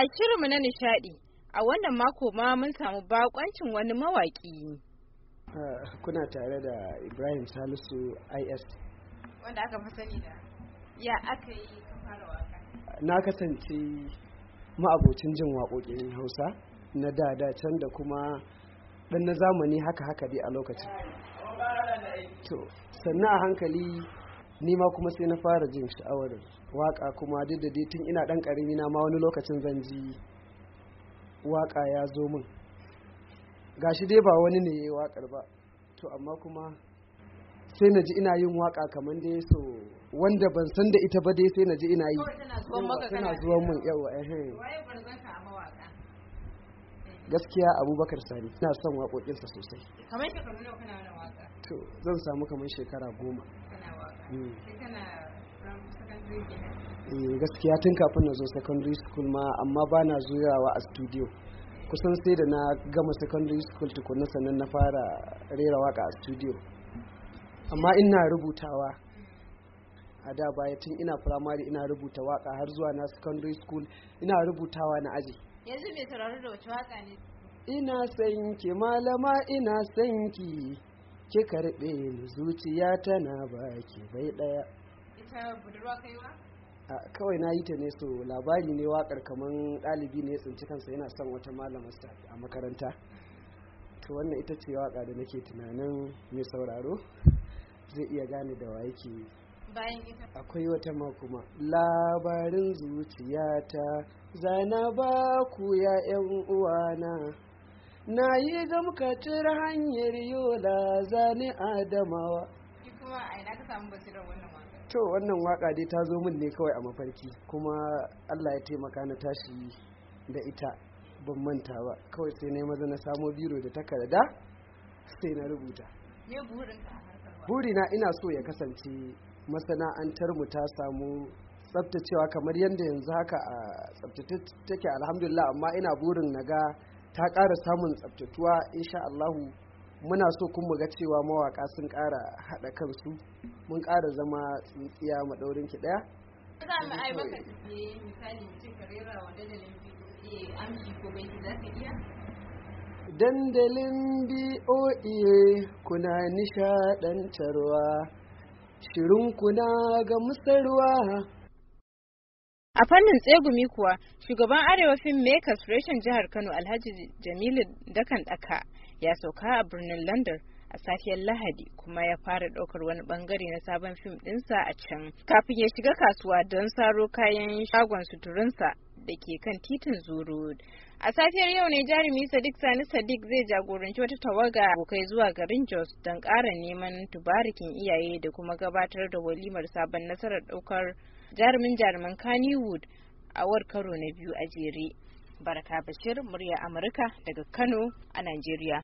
A shirinmu na nishadi a wannan mako ma mun samu bakoncin wani mawaki. Uh, ah, kuna tare da Ibrahim Salisu IS. Wanda aka fi sani da ya aka yi fara waka. Na kasance ma'abocin jin waƙoƙin Hausa na da da can da kuma ɗan na zamani haka haka dai a lokacin. To, sannan a hankali ni ma kuma sai na fara jin sha'awar waka kuma duk da dai tun ina dan karimi na ma wani lokacin zan ji waka ya zo min gashi dai ba wani ne yayi wakar ba to amma kuma sai na ji ina yin waka kaman dai so wanda ban san da ita ba dai sai na ji ina yi tana zuwan mun yawa eh gaskiya abubakar sani ina son waƙoƙinsa sosai to zan samu kamar shekara goma Hmm. Eh, gaskiya tun kafin na zo secondary school ma amma ba na zuyawa a studio kusan sai da na gama secondary school tukuna sannan na fara rera waka a studio amma ina rubutawa a da baya tun ina firamare ina rubuta waka har zuwa na secondary school ina rubutawa na aji yanzu mai sauraro da wacce waka ne ina sanki malama ina sanki ki karbe ni zuciya tana baki bai ɗaya ita budurwa kaiwa kawai na yi ta ne so labari ne wakar kamar ɗalibi ne tsinci kansa yana son wata malamar a makaranta to wannan ita ce waka da nake tunanin mai sauraro zai iya gane da wa yake akwai wata ma kuma labarin zuciyata zana ba ku ya 'yan uwana na yi gamkacin hanyar yola zane adamawa to wannan waka dai ta zo min ne kawai a mafarki kuma allah ya taimaka na tashi da ita ban manta ba kawai sai na yi maza na samo biro da takarda sai na rubuta burina ina so ya kasance masana'antar mu ta samu tsabtacewa kamar yadda yanzu haka a tsabtace take alhamdulillah amma ina burin na ga ta ƙara samun tsaftatuwa insha Allahu muna so kun ga cewa mawaƙa sun ƙara haɗa kansu mun ƙara zama tsintsiya maɗaurin ki ɗaya. mu dandalin ko Dandalin BOE kuna nishaɗantarwa, shirin kuna ga musarwa A fannin tsegumi kuwa, shugaban Arewa Film Makers reshen jihar Kano Alhaji Jamilu Dakan Daka ya sauka a birnin London a safiyar Lahadi kuma ya fara ɗaukar wani bangare na sabon fim ɗinsa a can kafin ya shiga kasuwa don saro kayan shagon suturinsa da ke kan titin zuru a safiyar yau ne jarumi sadiq sani sadiq zai jagoranci wata tawaga abokai zuwa garin jos don ƙara neman tubarikin iyaye da kuma gabatar da walimar sabon nasarar ɗaukar jarumin jaruman kannywood a war karo na biyu a jere baraka bashir murya amurka daga kano a najeriya